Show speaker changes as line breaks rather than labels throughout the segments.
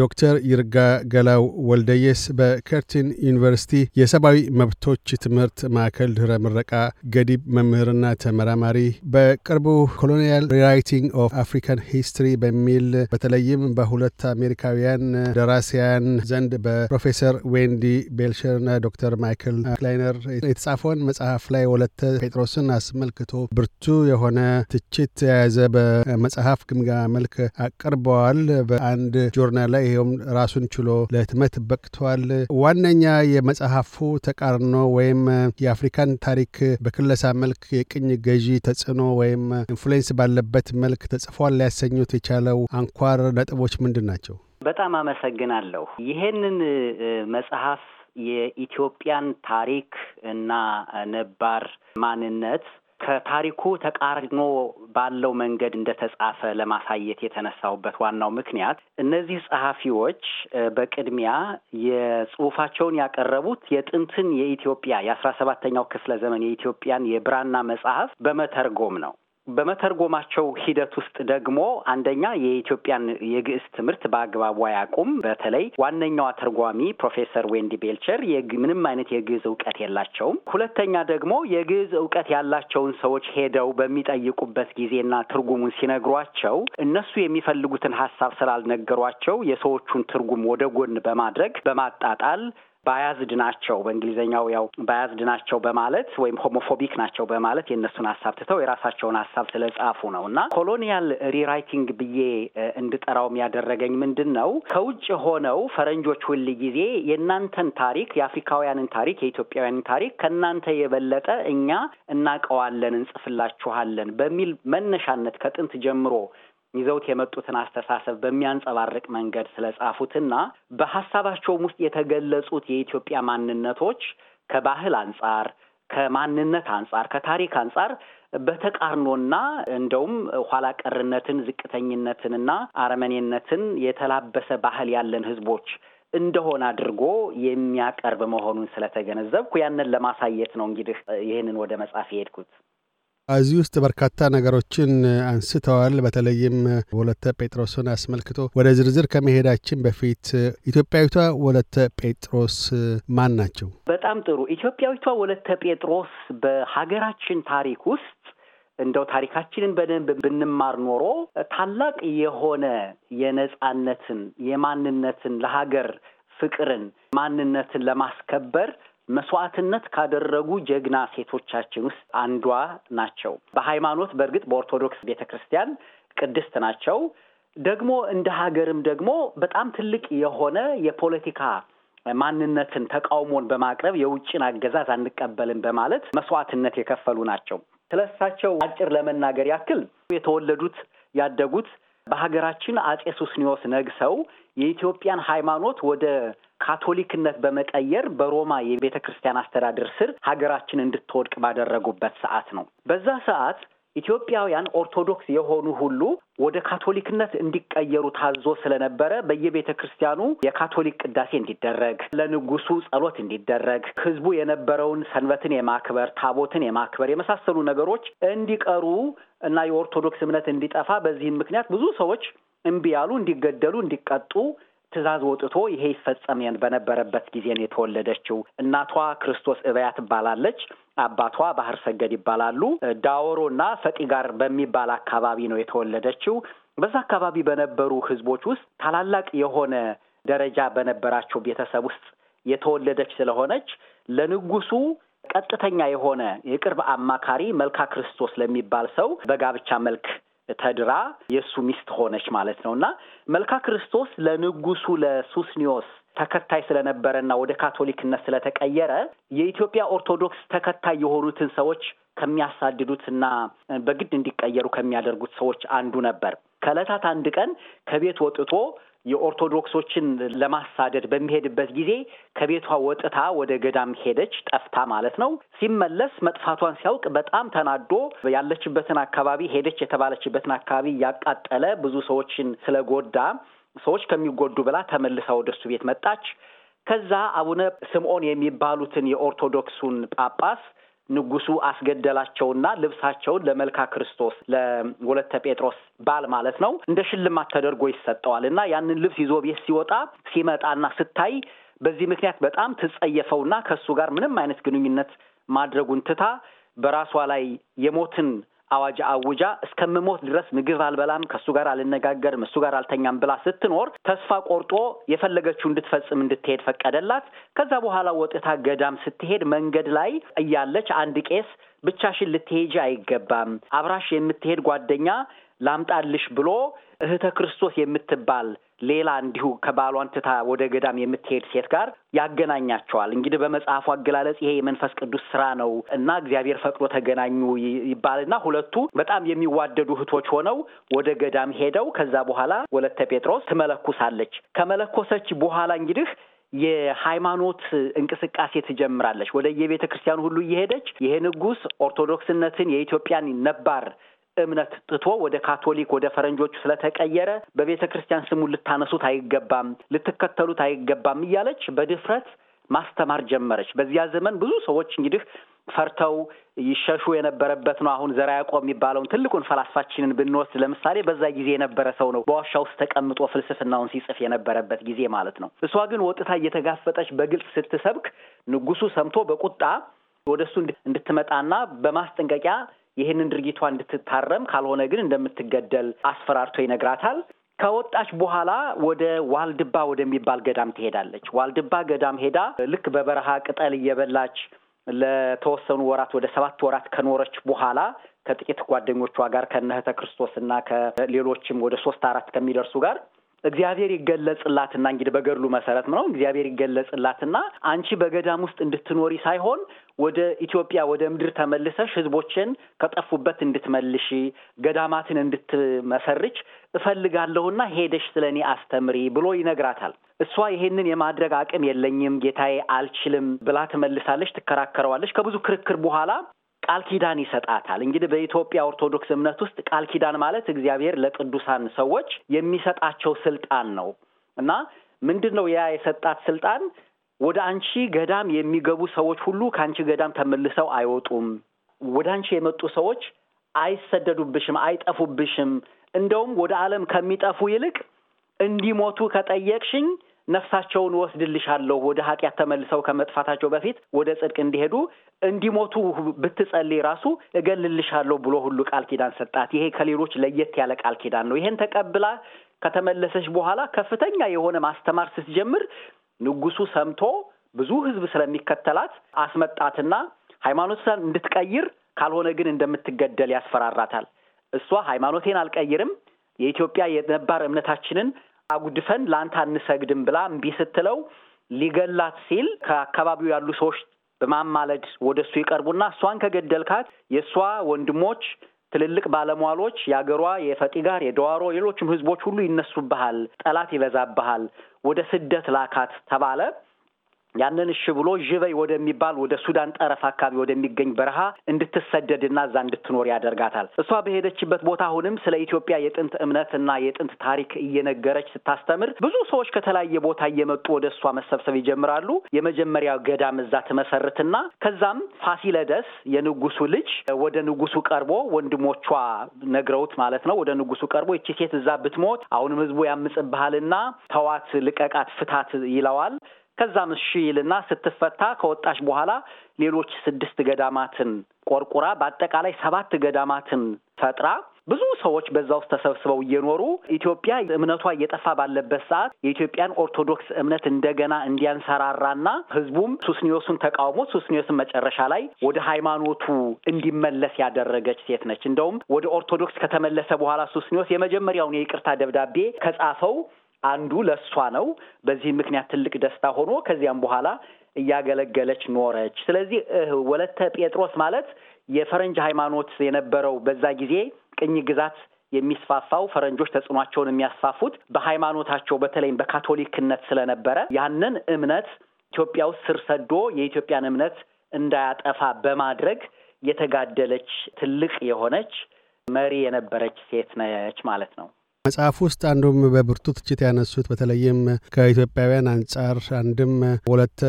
ዶክተር ይርጋ ገላው ወልደየስ በከርቲን ዩኒቨርሲቲ የሰብአዊ መብቶች ትምህርት ማዕከል ድህረ ምረቃ ገዲብ መምህርና ተመራማሪ በቅርቡ ኮሎኒያል ሪራይቲንግ ኦፍ አፍሪካን ሂስትሪ በሚል በተለይም በሁለት አሜሪካውያን ደራሲያን ዘንድ በፕሮፌሰር ዌንዲ ቤልሸርና ዶክተር ማይክል ክላይነር የተጻፈውን መጽሐፍ ላይ ወለተ ጴጥሮስን አስመልክቶ ብርቱ የሆነ ትችት የያዘ በመጽሐፍ ግምጋ መልክ አቅርበዋል። በአንድ ጆርናል ይኸውም ራሱን ችሎ ለህትመት በቅቷል። ዋነኛ የመጽሐፉ ተቃርኖ ወይም የአፍሪካን ታሪክ በክለሳ መልክ የቅኝ ገዢ ተጽዕኖ ወይም ኢንፍሉዌንስ ባለበት መልክ ተጽፏል ሊያሰኙት የቻለው አንኳር ነጥቦች ምንድን ናቸው?
በጣም አመሰግናለሁ። ይሄንን መጽሐፍ የኢትዮጵያን ታሪክ እና ነባር ማንነት ከታሪኩ ተቃርኖ ባለው መንገድ እንደተጻፈ ለማሳየት የተነሳውበት ዋናው ምክንያት እነዚህ ጸሐፊዎች በቅድሚያ የጽሁፋቸውን ያቀረቡት የጥንትን የኢትዮጵያ የአስራ ሰባተኛው ክፍለ ዘመን የኢትዮጵያን የብራና መጽሐፍ በመተርጎም ነው። በመተርጎማቸው ሂደት ውስጥ ደግሞ አንደኛ የኢትዮጵያን የግዕዝ ትምህርት በአግባቡ አያውቁም። በተለይ ዋነኛዋ ተርጓሚ ፕሮፌሰር ዌንዲ ቤልቸር ምንም አይነት የግዕዝ እውቀት የላቸውም። ሁለተኛ ደግሞ የግዕዝ እውቀት ያላቸውን ሰዎች ሄደው በሚጠይቁበት ጊዜና ትርጉሙን ሲነግሯቸው እነሱ የሚፈልጉትን ሀሳብ ስላልነገሯቸው የሰዎቹን ትርጉም ወደ ጎን በማድረግ በማጣጣል ባያዝድ ናቸው በእንግሊዝኛው ያው ባያዝድ ናቸው በማለት ወይም ሆሞፎቢክ ናቸው በማለት የእነሱን ሀሳብ ትተው የራሳቸውን ሀሳብ ስለጻፉ ነው እና ኮሎኒያል ሪራይቲንግ ብዬ እንድጠራውም ያደረገኝ ምንድን ነው ከውጭ ሆነው ፈረንጆች ሁል ጊዜ የእናንተን ታሪክ የአፍሪካውያንን ታሪክ የኢትዮጵያውያንን ታሪክ ከእናንተ የበለጠ እኛ እናቀዋለን፣ እንጽፍላችኋለን በሚል መነሻነት ከጥንት ጀምሮ ይዘውት የመጡትን አስተሳሰብ በሚያንጸባርቅ መንገድ ስለጻፉትና በሀሳባቸውም ውስጥ የተገለጹት የኢትዮጵያ ማንነቶች ከባህል አንጻር ከማንነት አንጻር ከታሪክ አንጻር በተቃርኖና እንደውም ኋላ ቀርነትን ዝቅተኝነትንና አረመኔነትን የተላበሰ ባህል ያለን ህዝቦች እንደሆነ አድርጎ የሚያቀርብ መሆኑን ስለተገነዘብኩ ያንን ለማሳየት ነው እንግዲህ ይህንን ወደ መጽሐፍ የሄድኩት።
እዚህ ውስጥ በርካታ ነገሮችን አንስተዋል። በተለይም ወለተ ጴጥሮስን አስመልክቶ ወደ ዝርዝር ከመሄዳችን በፊት ኢትዮጵያዊቷ ወለተ ጴጥሮስ ማን ናቸው?
በጣም ጥሩ። ኢትዮጵያዊቷ ወለተ ጴጥሮስ በሀገራችን ታሪክ ውስጥ እንደው ታሪካችንን በደንብ ብንማር ኖሮ ታላቅ የሆነ የነጻነትን፣ የማንነትን፣ ለሀገር ፍቅርን፣ ማንነትን ለማስከበር መስዋዕትነት ካደረጉ ጀግና ሴቶቻችን ውስጥ አንዷ ናቸው። በሃይማኖት በእርግጥ በኦርቶዶክስ ቤተ ክርስቲያን ቅድስት ናቸው። ደግሞ እንደ ሀገርም ደግሞ በጣም ትልቅ የሆነ የፖለቲካ ማንነትን ተቃውሞን በማቅረብ የውጭን አገዛዝ አንቀበልም በማለት መስዋዕትነት የከፈሉ ናቸው። ስለሳቸው አጭር ለመናገር ያክል የተወለዱት ያደጉት በሀገራችን አጼ ሱስኒዮስ ነግሰው የኢትዮጵያን ሃይማኖት ወደ ካቶሊክነት በመቀየር በሮማ የቤተ ክርስቲያን አስተዳደር ስር ሀገራችን እንድትወድቅ ባደረጉበት ሰዓት ነው። በዛ ሰዓት ኢትዮጵያውያን ኦርቶዶክስ የሆኑ ሁሉ ወደ ካቶሊክነት እንዲቀየሩ ታዞ ስለነበረ በየቤተ ክርስቲያኑ የካቶሊክ ቅዳሴ እንዲደረግ፣ ለንጉሱ ጸሎት እንዲደረግ፣ ህዝቡ የነበረውን ሰንበትን የማክበር ታቦትን የማክበር የመሳሰሉ ነገሮች እንዲቀሩ እና የኦርቶዶክስ እምነት እንዲጠፋ በዚህም ምክንያት ብዙ ሰዎች እምቢ ያሉ እንዲገደሉ፣ እንዲቀጡ ትእዛዝ ወጥቶ ይሄ ይፈጸም በነበረበት ጊዜ ነው የተወለደችው። እናቷ ክርስቶስ እበያ ትባላለች። አባቷ ባህር ሰገድ ይባላሉ። ዳወሮና ፈጢ ጋር በሚባል አካባቢ ነው የተወለደችው። በዛ አካባቢ በነበሩ ህዝቦች ውስጥ ታላላቅ የሆነ ደረጃ በነበራቸው ቤተሰብ ውስጥ የተወለደች ስለሆነች ለንጉሱ ቀጥተኛ የሆነ የቅርብ አማካሪ መልካ ክርስቶስ ለሚባል ሰው በጋብቻ መልክ ተድራ የእሱ ሚስት ሆነች ማለት ነው እና መልካ ክርስቶስ ለንጉሱ ለሱስኒዮስ ተከታይ ስለነበረና ወደ ካቶሊክነት ስለተቀየረ የኢትዮጵያ ኦርቶዶክስ ተከታይ የሆኑትን ሰዎች ከሚያሳድዱትና በግድ እንዲቀየሩ ከሚያደርጉት ሰዎች አንዱ ነበር። ከእለታት አንድ ቀን ከቤት ወጥቶ የኦርቶዶክሶችን ለማሳደድ በሚሄድበት ጊዜ ከቤቷ ወጥታ ወደ ገዳም ሄደች፣ ጠፍታ ማለት ነው። ሲመለስ መጥፋቷን ሲያውቅ በጣም ተናዶ ያለችበትን አካባቢ ሄደች የተባለችበትን አካባቢ እያቃጠለ ብዙ ሰዎችን ስለጎዳ ሰዎች ከሚጎዱ ብላ ተመልሳ ወደ እሱ ቤት መጣች። ከዛ አቡነ ስምዖን የሚባሉትን የኦርቶዶክሱን ጳጳስ ንጉሱ አስገደላቸውና ልብሳቸውን ለመልካ ክርስቶስ ለወለተ ጴጥሮስ ባል ማለት ነው እንደ ሽልማት ተደርጎ ይሰጠዋል እና ያንን ልብስ ይዞ ቤት ሲወጣ ሲመጣና ስታይ በዚህ ምክንያት በጣም ትጸየፈውና ከእሱ ጋር ምንም አይነት ግንኙነት ማድረጉን ትታ በራሷ ላይ የሞትን አዋጅ አውጃ እስከምሞት ድረስ ምግብ አልበላም፣ ከእሱ ጋር አልነጋገርም፣ እሱ ጋር አልተኛም ብላ ስትኖር ተስፋ ቆርጦ የፈለገችው እንድትፈጽም እንድትሄድ ፈቀደላት። ከዛ በኋላ ወጥታ ገዳም ስትሄድ መንገድ ላይ እያለች አንድ ቄስ ብቻሽን ልትሄጂ አይገባም፣ አብራሽ የምትሄድ ጓደኛ ላምጣልሽ ብሎ እህተ ክርስቶስ የምትባል ሌላ እንዲሁ ከባሏን ትታ ወደ ገዳም የምትሄድ ሴት ጋር ያገናኛቸዋል። እንግዲህ በመጽሐፉ አገላለጽ ይሄ የመንፈስ ቅዱስ ስራ ነው እና እግዚአብሔር ፈቅዶ ተገናኙ ይባልና ሁለቱ በጣም የሚዋደዱ እህቶች ሆነው ወደ ገዳም ሄደው ከዛ በኋላ ወለተ ጴጥሮስ ትመለኩሳለች። ከመለኮሰች በኋላ እንግዲህ የሃይማኖት እንቅስቃሴ ትጀምራለች። ወደ የቤተ ክርስቲያኑ ሁሉ እየሄደች ይሄ ንጉስ ኦርቶዶክስነትን የኢትዮጵያን ነባር እምነት ትቶ ወደ ካቶሊክ ወደ ፈረንጆቹ ስለተቀየረ በቤተ ክርስቲያን ስሙን ልታነሱት አይገባም፣ ልትከተሉት አይገባም እያለች በድፍረት ማስተማር ጀመረች። በዚያ ዘመን ብዙ ሰዎች እንግዲህ ፈርተው ይሸሹ የነበረበት ነው። አሁን ዘራ ያዕቆብ የሚባለውን ትልቁን ፈላስፋችንን ብንወስድ ለምሳሌ በዛ ጊዜ የነበረ ሰው ነው። በዋሻ ውስጥ ተቀምጦ ፍልስፍናውን ሲጽፍ የነበረበት ጊዜ ማለት ነው። እሷ ግን ወጥታ እየተጋፈጠች በግልጽ ስትሰብክ ንጉሱ ሰምቶ በቁጣ ወደ እሱ እንድትመጣና በማስጠንቀቂያ ይህንን ድርጊቷ እንድትታረም ካልሆነ ግን እንደምትገደል አስፈራርቶ ይነግራታል። ከወጣች በኋላ ወደ ዋልድባ ወደሚባል ገዳም ትሄዳለች። ዋልድባ ገዳም ሄዳ ልክ በበረሃ ቅጠል እየበላች ለተወሰኑ ወራት ወደ ሰባት ወራት ከኖረች በኋላ ከጥቂት ጓደኞቿ ጋር ከነህተ እና ከሌሎችም ወደ ሶስት አራት ከሚደርሱ ጋር እግዚአብሔር ይገለጽላትና እንግዲህ በገድሉ መሰረት ነው። እግዚአብሔር ይገለጽላትና አንቺ በገዳም ውስጥ እንድትኖሪ ሳይሆን ወደ ኢትዮጵያ ወደ ምድር ተመልሰሽ ህዝቦችን ከጠፉበት እንድትመልሽ ገዳማትን እንድትመሰርች እፈልጋለሁና ሄደሽ ስለ እኔ አስተምሪ ብሎ ይነግራታል። እሷ ይሄንን የማድረግ አቅም የለኝም ጌታዬ፣ አልችልም ብላ ትመልሳለች፣ ትከራከረዋለች። ከብዙ ክርክር በኋላ ቃል ኪዳን ይሰጣታል። እንግዲህ በኢትዮጵያ ኦርቶዶክስ እምነት ውስጥ ቃል ኪዳን ማለት እግዚአብሔር ለቅዱሳን ሰዎች የሚሰጣቸው ስልጣን ነው እና ምንድን ነው ያ የሰጣት ስልጣን ወደ አንቺ ገዳም የሚገቡ ሰዎች ሁሉ ከአንቺ ገዳም ተመልሰው አይወጡም። ወደ አንቺ የመጡ ሰዎች አይሰደዱብሽም፣ አይጠፉብሽም። እንደውም ወደ ዓለም ከሚጠፉ ይልቅ እንዲሞቱ ከጠየቅሽኝ ነፍሳቸውን ወስድልሻለሁ። ወደ ኃጢአት ተመልሰው ከመጥፋታቸው በፊት ወደ ጽድቅ እንዲሄዱ እንዲሞቱ ብትጸልይ ራሱ እገልልሻለሁ ብሎ ሁሉ ቃል ኪዳን ሰጣት። ይሄ ከሌሎች ለየት ያለ ቃል ኪዳን ነው። ይሄን ተቀብላ ከተመለሰች በኋላ ከፍተኛ የሆነ ማስተማር ስትጀምር ንጉሱ ሰምቶ ብዙ ህዝብ ስለሚከተላት አስመጣትና ሃይማኖትን እንድትቀይር ካልሆነ ግን እንደምትገደል ያስፈራራታል። እሷ ሃይማኖቴን አልቀይርም፣ የኢትዮጵያ የነባር እምነታችንን አጉድፈን ለአንተ አንሰግድም ብላ እምቢ ስትለው ሊገላት ሲል ከአካባቢው ያሉ ሰዎች በማማለድ ወደ እሱ ይቀርቡና እሷን ከገደልካት የእሷ ወንድሞች ትልልቅ ባለሟሎች የአገሯ የፈጢጋር፣ የደዋሮ፣ ሌሎችም ህዝቦች ሁሉ ይነሱብሃል፣ ጠላት ይበዛብሃል፣ ወደ ስደት ላካት ተባለ። ያንን እሺ ብሎ ዥበይ ወደሚባል ወደ ሱዳን ጠረፍ አካባቢ ወደሚገኝ በረሃ እንድትሰደድና እዛ እንድትኖር ያደርጋታል። እሷ በሄደችበት ቦታ አሁንም ስለ ኢትዮጵያ የጥንት እምነት እና የጥንት ታሪክ እየነገረች ስታስተምር ብዙ ሰዎች ከተለያየ ቦታ እየመጡ ወደ እሷ መሰብሰብ ይጀምራሉ። የመጀመሪያው ገዳም እዛ ትመሰርትና ከዛም ፋሲለደስ የንጉሱ ልጅ ወደ ንጉሱ ቀርቦ ወንድሞቿ ነግረውት ማለት ነው። ወደ ንጉሱ ቀርቦ ይቺ ሴት እዛ ብትሞት አሁንም ህዝቡ ያምጽብሃልና ተዋት፣ ልቀቃት፣ ፍታት ይለዋል። ከዛም እሺ ይልና ስትፈታ ከወጣች በኋላ ሌሎች ስድስት ገዳማትን ቆርቁራ በአጠቃላይ ሰባት ገዳማትን ፈጥራ ብዙ ሰዎች በዛ ውስጥ ተሰብስበው እየኖሩ ኢትዮጵያ እምነቷ እየጠፋ ባለበት ሰዓት የኢትዮጵያን ኦርቶዶክስ እምነት እንደገና እንዲያንሰራራና ሕዝቡም ሱስኒዮሱን ተቃውሞ ሱስኒዮስን መጨረሻ ላይ ወደ ሃይማኖቱ እንዲመለስ ያደረገች ሴት ነች። እንደውም ወደ ኦርቶዶክስ ከተመለሰ በኋላ ሱስኒዮስ የመጀመሪያውን የይቅርታ ደብዳቤ ከጻፈው አንዱ ለእሷ ነው። በዚህ ምክንያት ትልቅ ደስታ ሆኖ ከዚያም በኋላ እያገለገለች ኖረች። ስለዚህ ወለተ ጴጥሮስ ማለት የፈረንጅ ሃይማኖት የነበረው በዛ ጊዜ ቅኝ ግዛት የሚስፋፋው ፈረንጆች ተጽዕኖቸውን የሚያስፋፉት በሃይማኖታቸው በተለይም በካቶሊክነት ስለነበረ ያንን እምነት ኢትዮጵያ ውስጥ ስር ሰዶ የኢትዮጵያን እምነት እንዳያጠፋ በማድረግ የተጋደለች ትልቅ የሆነች መሪ የነበረች ሴት ነች ማለት ነው።
መጽሐፍ ውስጥ አንዱም በብርቱ ትችት ያነሱት በተለይም ከኢትዮጵያውያን አንጻር አንድም ወለተ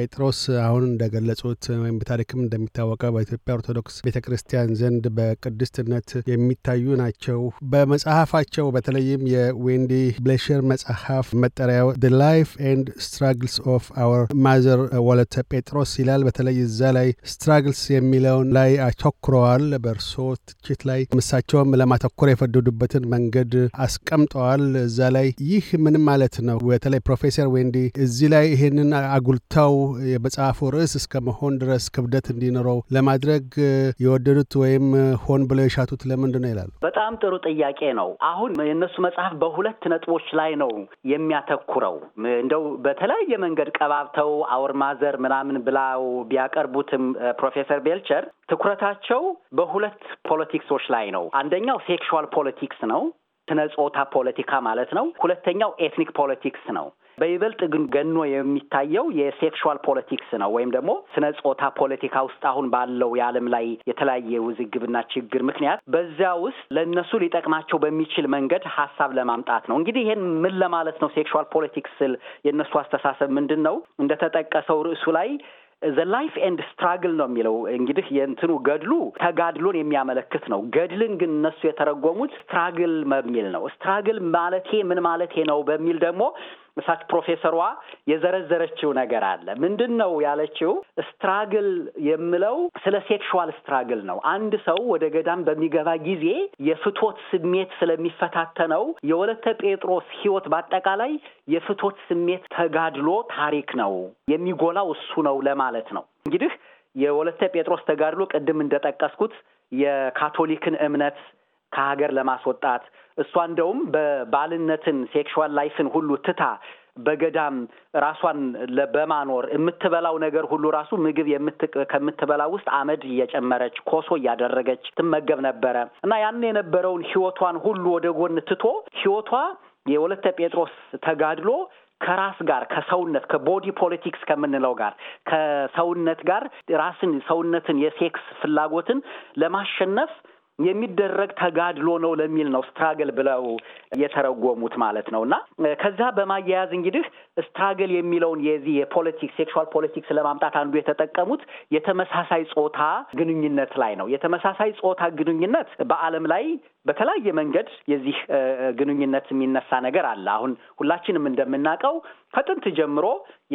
ጴጥሮስ አሁን እንደገለጹት ወይም በታሪክም እንደሚታወቀው በኢትዮጵያ ኦርቶዶክስ ቤተ ክርስቲያን ዘንድ በቅድስትነት የሚታዩ ናቸው። በመጽሐፋቸው በተለይም የዌንዲ ብሌሸር መጽሐፍ መጠሪያው ደ ላይፍ ኤንድ ስትራግልስ ኦፍ አወር ማዘር ወለተ ጴጥሮስ ይላል። በተለይ እዛ ላይ ስትራግልስ የሚለውን ላይ አተኩረዋል። በእርሶ ትችት ላይ ምሳቸውም ለማተኮር የፈደዱበትን መንገድ አስቀምጠዋል እዛ ላይ። ይህ ምን ማለት ነው? በተለይ ፕሮፌሰር ዌንዲ እዚህ ላይ ይሄንን አጉልተው የመጽሐፉ ርዕስ እስከ መሆን ድረስ ክብደት እንዲኖረው ለማድረግ የወደዱት ወይም ሆን ብለው የሻቱት ለምንድን ነው ይላሉ።
በጣም ጥሩ ጥያቄ ነው። አሁን የእነሱ መጽሐፍ በሁለት ነጥቦች ላይ ነው የሚያተኩረው። እንደው በተለያየ መንገድ ቀባብተው አውርማዘር ምናምን ብላው ቢያቀርቡትም ፕሮፌሰር ቤልቸር ትኩረታቸው በሁለት ፖለቲክሶች ላይ ነው። አንደኛው ሴክሹዋል ፖለቲክስ ነው። ስነ ጾታ ፖለቲካ ማለት ነው። ሁለተኛው ኤትኒክ ፖለቲክስ ነው። በይበልጥ ግን ገኖ የሚታየው የሴክሹዋል ፖለቲክስ ነው ወይም ደግሞ ስነ ጾታ ፖለቲካ ውስጥ አሁን ባለው የዓለም ላይ የተለያየ ውዝግብና ችግር ምክንያት በዚያ ውስጥ ለእነሱ ሊጠቅማቸው በሚችል መንገድ ሀሳብ ለማምጣት ነው። እንግዲህ ይህን ምን ለማለት ነው? ሴክሹዋል ፖለቲክስ ስል የእነሱ አስተሳሰብ ምንድን ነው? እንደተጠቀሰው ርዕሱ ላይ ዘ ላይፍ ኤንድ ስትራግል ነው የሚለው እንግዲህ የእንትኑ ገድሉ ተጋድሎን የሚያመለክት ነው። ገድልን ግን እነሱ የተረጎሙት ስትራግል በሚል ነው። ስትራግል ማለቴ ምን ማለቴ ነው በሚል ደግሞ ምሳች ፕሮፌሰሯ የዘረዘረችው ነገር አለ። ምንድን ነው ያለችው? ስትራግል የምለው ስለ ሴክሹዋል ስትራግል ነው። አንድ ሰው ወደ ገዳም በሚገባ ጊዜ የፍቶት ስሜት ስለሚፈታተነው የወለተ ጴጥሮስ ህይወት በአጠቃላይ የፍቶት ስሜት ተጋድሎ ታሪክ ነው። የሚጎላው እሱ ነው ለማለት ነው። እንግዲህ የወለተ ጴጥሮስ ተጋድሎ ቅድም እንደጠቀስኩት የካቶሊክን እምነት ከሀገር ለማስወጣት እሷ እንደውም በባልነትን ሴክሽዋል ላይፍን ሁሉ ትታ በገዳም ራሷን በማኖር የምትበላው ነገር ሁሉ ራሱ ምግብ ከምትበላ ውስጥ አመድ እየጨመረች ኮሶ እያደረገች ትመገብ ነበረ እና ያን የነበረውን ህይወቷን ሁሉ ወደ ጎን ትቶ ህይወቷ የወለተ ጴጥሮስ ተጋድሎ ከራስ ጋር ከሰውነት ከቦዲ ፖለቲክስ ከምንለው ጋር ከሰውነት ጋር ራስን ሰውነትን የሴክስ ፍላጎትን ለማሸነፍ የሚደረግ ተጋድሎ ነው ለሚል ነው ስትራግል ብለው የተረጎሙት ማለት ነው። እና ከዛ በማያያዝ እንግዲህ ስታግል የሚለውን የዚህ የፖለቲክስ ሴክሹዋል ፖለቲክስ ለማምጣት አንዱ የተጠቀሙት የተመሳሳይ ጾታ ግንኙነት ላይ ነው። የተመሳሳይ ጾታ ግንኙነት በዓለም ላይ በተለያየ መንገድ የዚህ ግንኙነት የሚነሳ ነገር አለ። አሁን ሁላችንም እንደምናውቀው ከጥንት ጀምሮ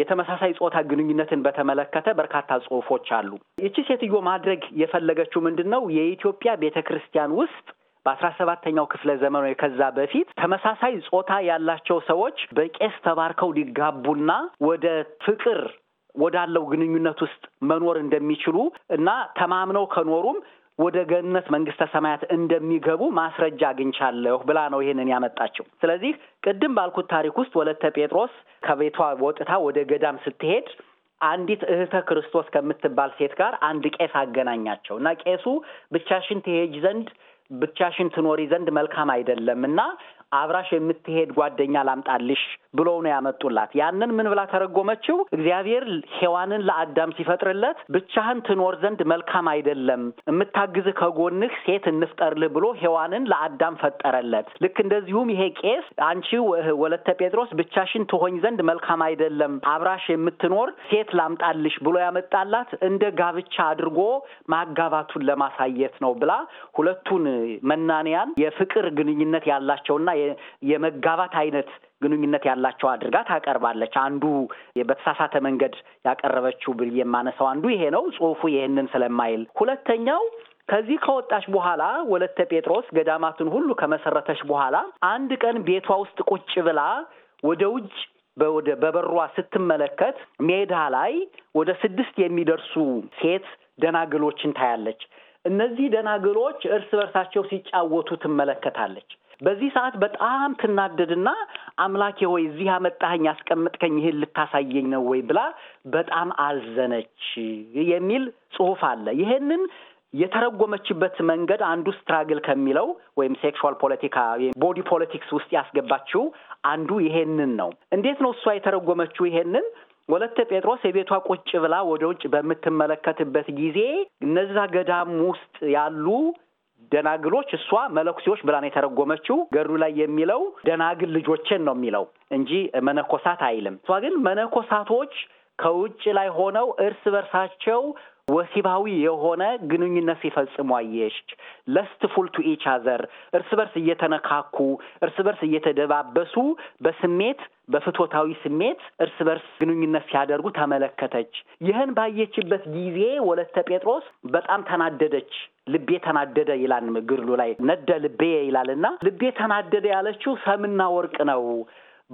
የተመሳሳይ ጾታ ግንኙነትን በተመለከተ በርካታ ጽሁፎች አሉ። ይቺ ሴትዮ ማድረግ የፈለገችው ምንድን ነው? የኢትዮጵያ ቤተ ክርስቲያን ውስጥ በአስራ ሰባተኛው ክፍለ ዘመን ወይ ከዛ በፊት ተመሳሳይ ጾታ ያላቸው ሰዎች በቄስ ተባርከው ሊጋቡና ወደ ፍቅር ወዳለው ግንኙነት ውስጥ መኖር እንደሚችሉ እና ተማምነው ከኖሩም ወደ ገነት መንግስተ ሰማያት እንደሚገቡ ማስረጃ አግኝቻለሁ ብላ ነው ይሄንን ያመጣችው። ስለዚህ ቅድም ባልኩት ታሪክ ውስጥ ወለተ ጴጥሮስ ከቤቷ ወጥታ ወደ ገዳም ስትሄድ አንዲት እህተ ክርስቶስ ከምትባል ሴት ጋር አንድ ቄስ አገናኛቸው እና ቄሱ ብቻሽን ትሄጅ ዘንድ ብቻሽን ትኖሪ ዘንድ መልካም አይደለም እና አብራሽ የምትሄድ ጓደኛ ላምጣልሽ ብለው ነው ያመጡላት። ያንን ምን ብላ ተረጎመችው? እግዚአብሔር ሔዋንን ለአዳም ሲፈጥርለት ብቻህን ትኖር ዘንድ መልካም አይደለም፣ የምታግዝህ ከጎንህ ሴት እንፍጠርልህ ብሎ ሔዋንን ለአዳም ፈጠረለት። ልክ እንደዚሁም ይሄ ቄስ አንቺ ወለተ ጴጥሮስ ብቻሽን ትሆኝ ዘንድ መልካም አይደለም፣ አብራሽ የምትኖር ሴት ላምጣልሽ ብሎ ያመጣላት እንደ ጋብቻ አድርጎ ማጋባቱን ለማሳየት ነው ብላ ሁለቱን መናንያን የፍቅር ግንኙነት ያላቸውና የመጋባት አይነት ግንኙነት ያላቸው አድርጋ ታቀርባለች። አንዱ በተሳሳተ መንገድ ያቀረበችው ብል የማነሳው አንዱ ይሄ ነው። ጽሁፉ ይህንን ስለማይል ሁለተኛው ከዚህ ከወጣች በኋላ ወለተ ጴጥሮስ ገዳማትን ሁሉ ከመሰረተች በኋላ አንድ ቀን ቤቷ ውስጥ ቁጭ ብላ ወደ ውጭ ወደ በበሯ ስትመለከት ሜዳ ላይ ወደ ስድስት የሚደርሱ ሴት ደናግሎችን ታያለች። እነዚህ ደናግሎች እርስ በርሳቸው ሲጫወቱ ትመለከታለች። በዚህ ሰዓት በጣም ትናደድና አምላኬ ሆይ እዚህ አመጣኸኝ ያስቀምጥከኝ ይህን ልታሳየኝ ነው ወይ ብላ በጣም አዘነች የሚል ጽሑፍ አለ። ይሄንን የተረጎመችበት መንገድ አንዱ ስትራግል ከሚለው ወይም ሴክሹዋል ፖለቲካ ቦዲ ፖለቲክስ ውስጥ ያስገባችው አንዱ ይሄንን ነው። እንዴት ነው እሷ የተረጎመችው ይሄንን? ወለተ ጴጥሮስ የቤቷ ቁጭ ብላ ወደ ውጭ በምትመለከትበት ጊዜ እነዛ ገዳም ውስጥ ያሉ ደናግሎች እሷ መለኩሴዎች ብላን የተረጎመችው። ገዱ ላይ የሚለው ደናግል ልጆችን ነው የሚለው እንጂ መነኮሳት አይልም። እሷ ግን መነኮሳቶች ከውጭ ላይ ሆነው እርስ በርሳቸው ወሲባዊ የሆነ ግንኙነት ሲፈጽሙ አየሽ። ለስትፉል ቱ ኢች አዘር እርስ በርስ እየተነካኩ እርስ በርስ እየተደባበሱ በስሜት በፍቶታዊ ስሜት እርስ በርስ ግንኙነት ሲያደርጉ ተመለከተች። ይህን ባየችበት ጊዜ ወለተ ጴጥሮስ በጣም ተናደደች። ልቤ ተናደደ ይላል ግርሉ ላይ ነደ ልቤ ይላልና ልቤ ተናደደ ያለችው ሰምና ወርቅ ነው።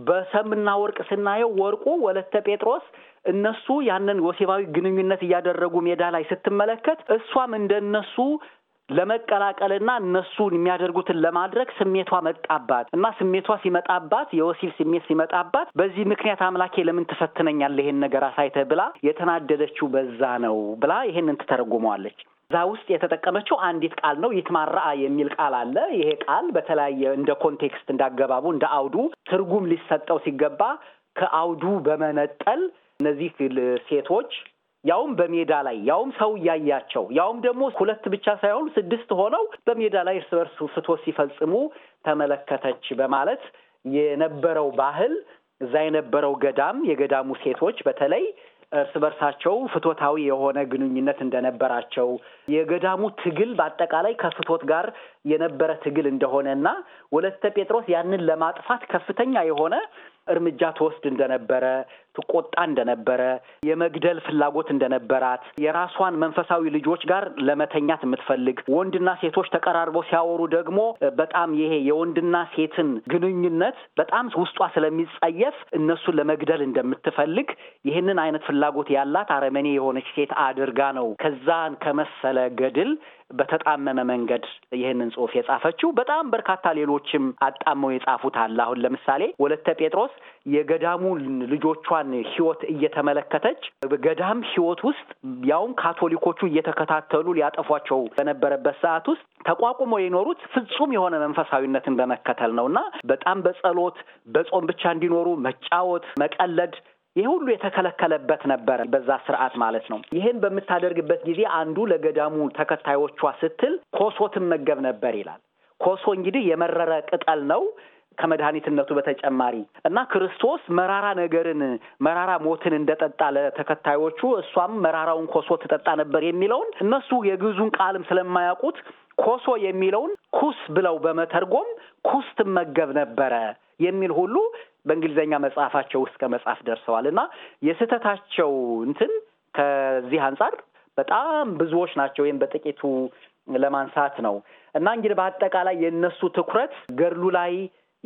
በሰምና ወርቅ ስናየው ወርቁ ወለተ ጴጥሮስ እነሱ ያንን ወሲባዊ ግንኙነት እያደረጉ ሜዳ ላይ ስትመለከት እሷም እንደነሱ ለመቀላቀልና እነሱን የሚያደርጉትን ለማድረግ ስሜቷ መጣባት እና ስሜቷ ሲመጣባት የወሲብ ስሜት ሲመጣባት በዚህ ምክንያት አምላኬ ለምን ትፈትነኛለህ ይሄን ነገር አሳይተ ብላ የተናደደችው በዛ ነው ብላ ይሄንን ትተረጉመዋለች። እዛ ውስጥ የተጠቀመችው አንዲት ቃል ነው። ይትማራአ የሚል ቃል አለ። ይሄ ቃል በተለያየ እንደ ኮንቴክስት እንዳገባቡ እንደ አውዱ ትርጉም ሊሰጠው ሲገባ ከአውዱ በመነጠል እነዚህ ሴቶች ያውም በሜዳ ላይ ያውም ሰው እያያቸው ያውም ደግሞ ሁለት ብቻ ሳይሆኑ ስድስት ሆነው በሜዳ ላይ እርስ በርስ ፍቶ ሲፈጽሙ ተመለከተች በማለት የነበረው ባህል እዛ የነበረው ገዳም የገዳሙ ሴቶች በተለይ እርስ በርሳቸው ፍቶታዊ የሆነ ግንኙነት እንደነበራቸው የገዳሙ ትግል በአጠቃላይ ከፍቶት ጋር የነበረ ትግል እንደሆነ እና ወለተ ጴጥሮስ ያንን ለማጥፋት ከፍተኛ የሆነ እርምጃ ትወስድ እንደነበረ፣ ትቆጣ እንደነበረ፣ የመግደል ፍላጎት እንደነበራት፣ የራሷን መንፈሳዊ ልጆች ጋር ለመተኛት የምትፈልግ ወንድና ሴቶች ተቀራርበው ሲያወሩ ደግሞ በጣም ይሄ የወንድና ሴትን ግንኙነት በጣም ውስጧ ስለሚጸየፍ እነሱን ለመግደል እንደምትፈልግ ይህንን አይነት ፍላጎት ያላት አረመኔ የሆነች ሴት አድርጋ ነው ከዛን ከመሰለ ገድል በተጣመመ መንገድ ይህንን ጽሁፍ የጻፈችው በጣም በርካታ ሌሎችም አጣመው የጻፉት አለ። አሁን ለምሳሌ ወለተ ጴጥሮስ የገዳሙ ልጆቿን ህይወት እየተመለከተች በገዳም ህይወት ውስጥ ያውም ካቶሊኮቹ እየተከታተሉ ሊያጠፏቸው በነበረበት ሰዓት ውስጥ ተቋቁመው የኖሩት ፍጹም የሆነ መንፈሳዊነትን በመከተል ነው እና በጣም በጸሎት በጾም ብቻ እንዲኖሩ መጫወት፣ መቀለድ ይህ ሁሉ የተከለከለበት ነበረ በዛ ስርዓት ማለት ነው። ይህን በምታደርግበት ጊዜ አንዱ ለገዳሙ ተከታዮቿ ስትል ኮሶ ትመገብ ነበር ይላል። ኮሶ እንግዲህ የመረረ ቅጠል ነው ከመድኃኒትነቱ በተጨማሪ እና ክርስቶስ መራራ ነገርን መራራ ሞትን እንደጠጣ ለተከታዮቹ እሷም መራራውን ኮሶ ትጠጣ ነበር የሚለውን እነሱ የግዙን ቃልም ስለማያውቁት ኮሶ የሚለውን ኩስ ብለው በመተርጎም ኩስ ትመገብ ነበረ የሚል ሁሉ በእንግሊዝኛ መጽሐፋቸው ውስጥ ከመጽሐፍ ደርሰዋል እና የስህተታቸው እንትን ከዚህ አንጻር በጣም ብዙዎች ናቸው። ወይም በጥቂቱ ለማንሳት ነው እና እንግዲህ በአጠቃላይ የእነሱ ትኩረት ገድሉ ላይ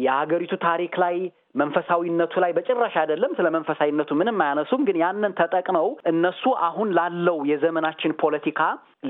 የሀገሪቱ ታሪክ ላይ መንፈሳዊነቱ ላይ በጭራሽ አይደለም። ስለ መንፈሳዊነቱ ምንም አያነሱም። ግን ያንን ተጠቅመው እነሱ አሁን ላለው የዘመናችን ፖለቲካ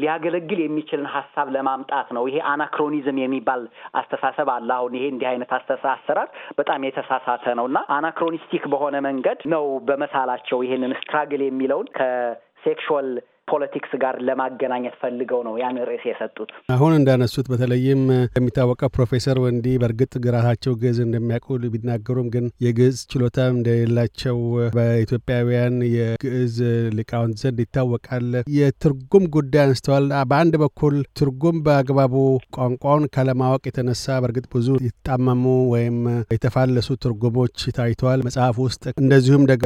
ሊያገለግል የሚችልን ሀሳብ ለማምጣት ነው። ይሄ አናክሮኒዝም የሚባል አስተሳሰብ አለ። አሁን ይሄ እንዲህ አይነት አሰራር በጣም የተሳሳተ ነው እና አናክሮኒስቲክ በሆነ መንገድ ነው በመሳላቸው ይሄንን ስትራግል የሚለውን ከሴክሹዋል ፖለቲክስ ጋር ለማገናኘት ፈልገው ነው ያን ርዕስ የሰጡት።
አሁን እንዳነሱት በተለይም የሚታወቀው ፕሮፌሰር ወንዲ በእርግጥ ራሳቸው ግዕዝ እንደሚያውቁ ቢናገሩም ግን የግዕዝ ችሎታ እንደሌላቸው በኢትዮጵያውያን የግዕዝ ሊቃውንት ዘንድ ይታወቃል። የትርጉም ጉዳይ አንስተዋል። በአንድ በኩል ትርጉም በአግባቡ ቋንቋውን ካለማወቅ የተነሳ በእርግጥ ብዙ ይጣመሙ ወይም የተፋለሱ ትርጉሞች ታይተዋል መጽሐፍ ውስጥ እንደዚሁም ደግሞ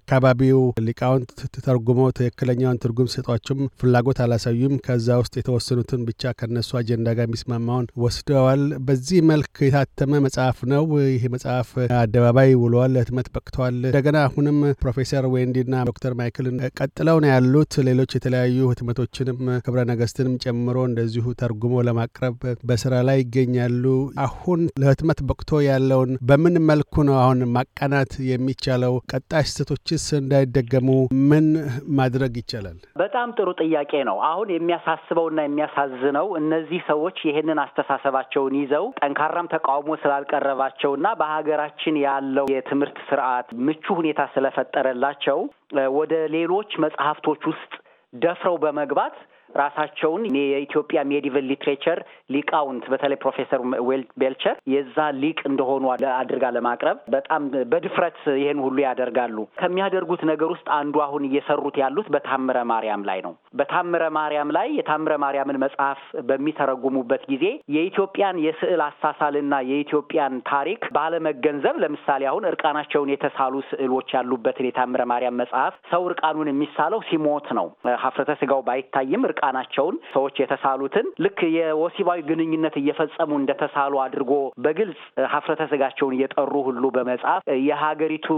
አካባቢው ሊቃውንት ተርጉሞ ትክክለኛውን ትርጉም ሊሰጧቸውም ፍላጎት አላሳዩም። ከዛ ውስጥ የተወሰኑትን ብቻ ከነሱ አጀንዳ ጋር የሚስማማውን ወስደዋል። በዚህ መልክ የታተመ መጽሐፍ ነው። ይህ መጽሐፍ አደባባይ ውለዋል፣ ለህትመት በቅተዋል። እንደገና አሁንም ፕሮፌሰር ዌንዲና ዶክተር ማይክል ቀጥለው ነው ያሉት። ሌሎች የተለያዩ ህትመቶችንም ክብረ ነገስትንም ጨምሮ እንደዚሁ ተርጉሞ ለማቅረብ በስራ ላይ ይገኛሉ። አሁን ለህትመት በቅቶ ያለውን በምን መልኩ ነው አሁን ማቃናት የሚቻለው? ቀጣይ ስህተቶችስ እንዳይደገሙ ምን ማድረግ ይቻላል?
በጣም ጥሩ ጥያቄ ነው። አሁን የሚያሳስበውና የሚያሳዝነው እነዚህ ሰዎች ይህንን አስተሳሰባቸውን ይዘው ጠንካራም ተቃውሞ ስላልቀረባቸውና በሀገራችን ያለው የትምህርት ስርዓት ምቹ ሁኔታ ስለፈጠረላቸው ወደ ሌሎች መጽሐፍቶች ውስጥ ደፍረው በመግባት ራሳቸውን የኢትዮጵያ ሜዲቨል ሊትሬቸር ሊቃውንት በተለይ ፕሮፌሰር ቤልቸር የዛ ሊቅ እንደሆኑ አድርጋ ለማቅረብ በጣም በድፍረት ይህን ሁሉ ያደርጋሉ። ከሚያደርጉት ነገር ውስጥ አንዱ አሁን እየሰሩት ያሉት በታምረ ማርያም ላይ ነው። በታምረ ማርያም ላይ የታምረ ማርያምን መጽሐፍ በሚተረጉሙበት ጊዜ የኢትዮጵያን የስዕል አሳሳልና የኢትዮጵያን ታሪክ ባለመገንዘብ ለምሳሌ አሁን እርቃናቸውን የተሳሉ ስዕሎች ያሉበትን የታምረ ማርያም መጽሐፍ ሰው እርቃኑን የሚሳለው ሲሞት ነው። ሀፍረተ ስጋው ባይታይም እርቃናቸውን ሰዎች የተሳሉትን ልክ የወሲባዊ ግንኙነት እየፈጸሙ እንደተሳሉ አድርጎ በግልጽ ሀፍረተ ስጋቸውን እየጠሩ ሁሉ በመጻፍ የሀገሪቱ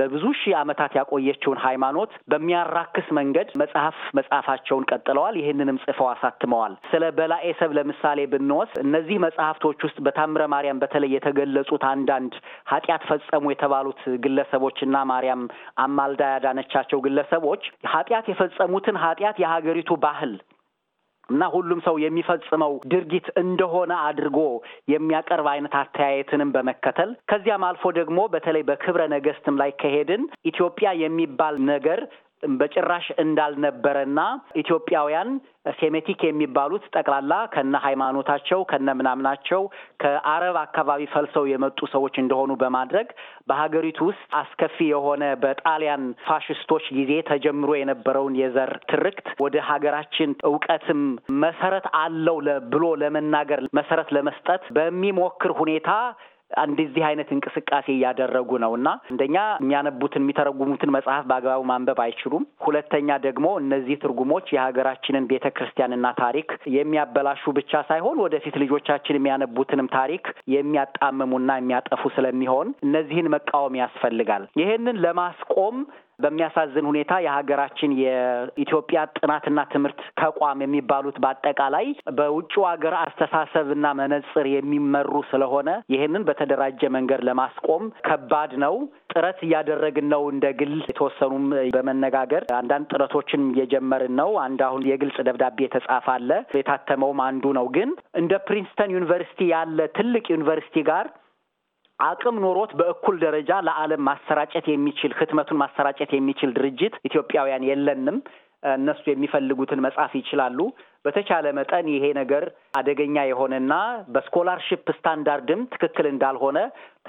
ለብዙ ሺህ ዓመታት ያቆየችውን ሃይማኖት በሚያራክስ መንገድ መጽሐፍ መጽሐፋቸውን ቀጥለዋል። ይህንንም ጽፈው አሳትመዋል። ስለ በላኤ ሰብ ለምሳሌ ብንወስድ እነዚህ መጽሐፍቶች ውስጥ በታምረ ማርያም በተለይ የተገለጹት አንዳንድ ኃጢአት ፈጸሙ የተባሉት እና ማርያም አማልዳ ያዳነቻቸው ግለሰቦች ኃጢአት የፈጸሙትን ኃጢአት የሀገሪቱ ባህል እና ሁሉም ሰው የሚፈጽመው ድርጊት እንደሆነ አድርጎ የሚያቀርብ አይነት አተያየትንም በመከተል ከዚያም አልፎ ደግሞ በተለይ በክብረ ነገስትም ላይ ከሄድን ኢትዮጵያ የሚባል ነገር በጭራሽ እንዳልነበረና ኢትዮጵያውያን ሴሜቲክ የሚባሉት ጠቅላላ ከነ ሃይማኖታቸው ከነ ምናምናቸው ከአረብ አካባቢ ፈልሰው የመጡ ሰዎች እንደሆኑ በማድረግ በሀገሪቱ ውስጥ አስከፊ የሆነ በጣሊያን ፋሽስቶች ጊዜ ተጀምሮ የነበረውን የዘር ትርክት ወደ ሀገራችን እውቀትም መሰረት አለው ብሎ ለመናገር መሰረት ለመስጠት በሚሞክር ሁኔታ እንደዚህ አይነት እንቅስቃሴ እያደረጉ ነው እና አንደኛ የሚያነቡትን የሚተረጉሙትን መጽሐፍ በአግባቡ ማንበብ አይችሉም። ሁለተኛ ደግሞ እነዚህ ትርጉሞች የሀገራችንን ቤተ ክርስቲያንና ታሪክ የሚያበላሹ ብቻ ሳይሆን ወደፊት ልጆቻችን የሚያነቡትንም ታሪክ የሚያጣምሙና የሚያጠፉ ስለሚሆን እነዚህን መቃወም ያስፈልጋል። ይህንን ለማስቆም በሚያሳዝን ሁኔታ የሀገራችን የኢትዮጵያ ጥናትና ትምህርት ተቋም የሚባሉት በአጠቃላይ በውጭ ሀገር አስተሳሰብና መነጽር የሚመሩ ስለሆነ ይህንን በተደራጀ መንገድ ለማስቆም ከባድ ነው። ጥረት እያደረግን ነው። እንደ ግል የተወሰኑም በመነጋገር አንዳንድ ጥረቶችን እየጀመርን ነው። አንድ አሁን የግልጽ ደብዳቤ የተጻፈ አለ። የታተመውም አንዱ ነው። ግን እንደ ፕሪንስተን ዩኒቨርሲቲ ያለ ትልቅ ዩኒቨርሲቲ ጋር አቅም ኖሮት በእኩል ደረጃ ለዓለም ማሰራጨት የሚችል ህትመቱን ማሰራጨት የሚችል ድርጅት ኢትዮጵያውያን የለንም። እነሱ የሚፈልጉትን መጻፍ ይችላሉ። በተቻለ መጠን ይሄ ነገር አደገኛ የሆነና በስኮላርሽፕ ስታንዳርድም ትክክል እንዳልሆነ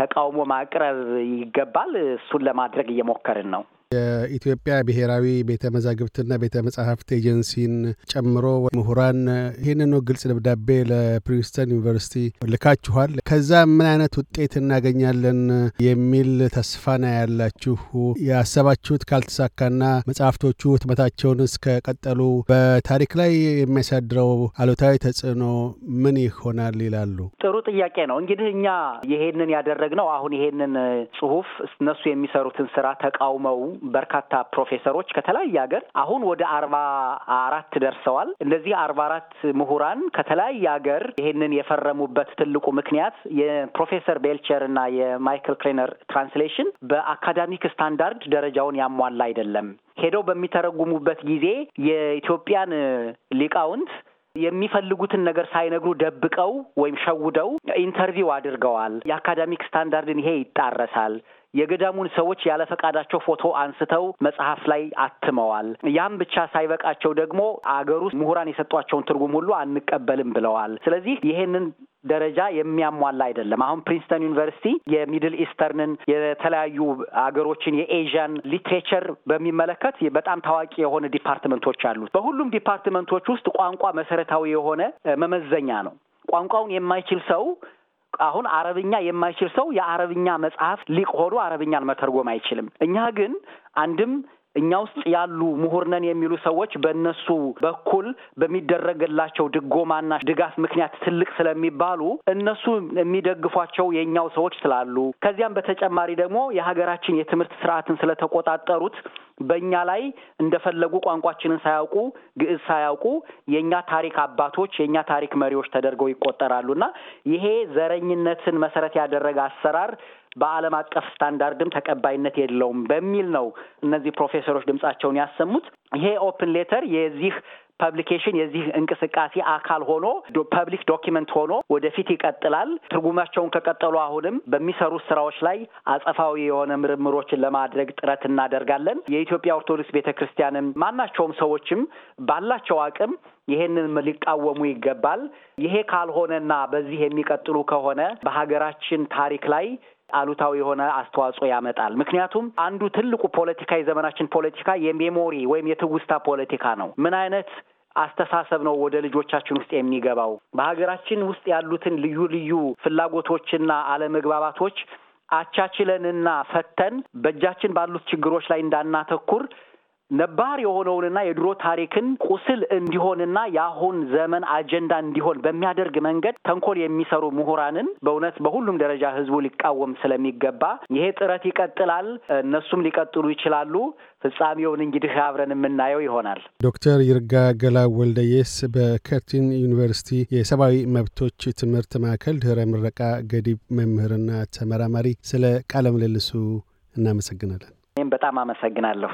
ተቃውሞ ማቅረብ ይገባል። እሱን ለማድረግ እየሞከርን ነው።
የኢትዮጵያ ብሔራዊ ቤተ መዛግብትና ቤተ መጻሕፍት ኤጀንሲን ጨምሮ ምሁራን ይህንኑ ግልጽ ደብዳቤ ለፕሪንስተን ዩኒቨርሲቲ ልካችኋል። ከዛ ምን አይነት ውጤት እናገኛለን የሚል ተስፋ ነው ያላችሁ? ያሰባችሁት ካልተሳካና መጽሐፍቶቹ ህትመታቸውን እስከቀጠሉ በታሪክ ላይ የሚያሳድረው አሉታዊ ተጽዕኖ ምን ይሆናል ይላሉ?
ጥሩ ጥያቄ ነው። እንግዲህ እኛ ይሄንን ያደረግነው አሁን ይሄንን ጽሁፍ እነሱ የሚሰሩትን ስራ ተቃውመው በርካታ ፕሮፌሰሮች ከተለያየ ሀገር አሁን ወደ አርባ አራት ደርሰዋል። እነዚህ አርባ አራት ምሁራን ከተለያየ ሀገር ይሄንን የፈረሙበት ትልቁ ምክንያት የፕሮፌሰር ቤልቸር እና የማይክል ክሌነር ትራንስሌሽን በአካዳሚክ ስታንዳርድ ደረጃውን ያሟላ አይደለም። ሄደው በሚተረጉሙበት ጊዜ የኢትዮጵያን ሊቃውንት የሚፈልጉትን ነገር ሳይነግሩ ደብቀው ወይም ሸውደው ኢንተርቪው አድርገዋል። የአካዳሚክ ስታንዳርድን ይሄ ይጣረሳል የገዳሙን ሰዎች ያለ ፈቃዳቸው ፎቶ አንስተው መጽሐፍ ላይ አትመዋል። ያም ብቻ ሳይበቃቸው ደግሞ አገር ውስጥ ምሁራን የሰጧቸውን ትርጉም ሁሉ አንቀበልም ብለዋል። ስለዚህ ይሄንን ደረጃ የሚያሟላ አይደለም። አሁን ፕሪንስተን ዩኒቨርሲቲ የሚድል ኢስተርንን የተለያዩ አገሮችን የኤዥያን ሊትሬቸር በሚመለከት በጣም ታዋቂ የሆነ ዲፓርትመንቶች አሉት። በሁሉም ዲፓርትመንቶች ውስጥ ቋንቋ መሰረታዊ የሆነ መመዘኛ ነው። ቋንቋውን የማይችል ሰው አሁን አረብኛ የማይችል ሰው የአረብኛ መጽሐፍ ሊቅ ሆኖ አረብኛን መተርጎም አይችልም። እኛ ግን አንድም እኛ ውስጥ ያሉ ምሁርነን የሚሉ ሰዎች በእነሱ በኩል በሚደረግላቸው ድጎማና ድጋፍ ምክንያት ትልቅ ስለሚባሉ እነሱ የሚደግፏቸው የእኛው ሰዎች ስላሉ ከዚያም በተጨማሪ ደግሞ የሀገራችን የትምህርት ስርዓትን ስለተቆጣጠሩት በእኛ ላይ እንደፈለጉ ቋንቋችንን ሳያውቁ ግዕዝ ሳያውቁ የእኛ ታሪክ አባቶች የእኛ ታሪክ መሪዎች ተደርገው ይቆጠራሉና ይሄ ዘረኝነትን መሰረት ያደረገ አሰራር በዓለም አቀፍ ስታንዳርድም ተቀባይነት የለውም በሚል ነው እነዚህ ፕሮፌሰሮች ድምጻቸውን ያሰሙት። ይሄ ኦፕን ሌተር የዚህ ፐብሊኬሽን የዚህ እንቅስቃሴ አካል ሆኖ ፐብሊክ ዶኪመንት ሆኖ ወደፊት ይቀጥላል። ትርጉማቸውን ከቀጠሉ አሁንም በሚሰሩት ስራዎች ላይ አጸፋዊ የሆነ ምርምሮችን ለማድረግ ጥረት እናደርጋለን። የኢትዮጵያ ኦርቶዶክስ ቤተ ክርስቲያንም ማናቸውም ሰዎችም ባላቸው አቅም ይሄንን ሊቃወሙ ይገባል። ይሄ ካልሆነና በዚህ የሚቀጥሉ ከሆነ በሀገራችን ታሪክ ላይ አሉታዊ የሆነ አስተዋጽኦ ያመጣል። ምክንያቱም አንዱ ትልቁ ፖለቲካ የዘመናችን ፖለቲካ የሜሞሪ ወይም የትውስታ ፖለቲካ ነው። ምን አይነት አስተሳሰብ ነው ወደ ልጆቻችን ውስጥ የሚገባው? በሀገራችን ውስጥ ያሉትን ልዩ ልዩ ፍላጎቶችና አለመግባባቶች አቻችለንና ፈተን በእጃችን ባሉት ችግሮች ላይ እንዳናተኩር ነባር የሆነውንና የድሮ ታሪክን ቁስል እንዲሆንና የአሁን ዘመን አጀንዳ እንዲሆን በሚያደርግ መንገድ ተንኮል የሚሰሩ ምሁራንን በእውነት በሁሉም ደረጃ ህዝቡ ሊቃወም ስለሚገባ ይሄ ጥረት ይቀጥላል። እነሱም ሊቀጥሉ ይችላሉ። ፍጻሜውን እንግዲህ አብረን የምናየው ይሆናል።
ዶክተር ይርጋ ገላ ወልደየስ በከርቲን ዩኒቨርሲቲ የሰብአዊ መብቶች ትምህርት ማዕከል ድህረ ምረቃ ገዲብ መምህርና ተመራማሪ፣ ስለ ቃለ ምልልሱ እናመሰግናለን።
እኔም በጣም አመሰግናለሁ።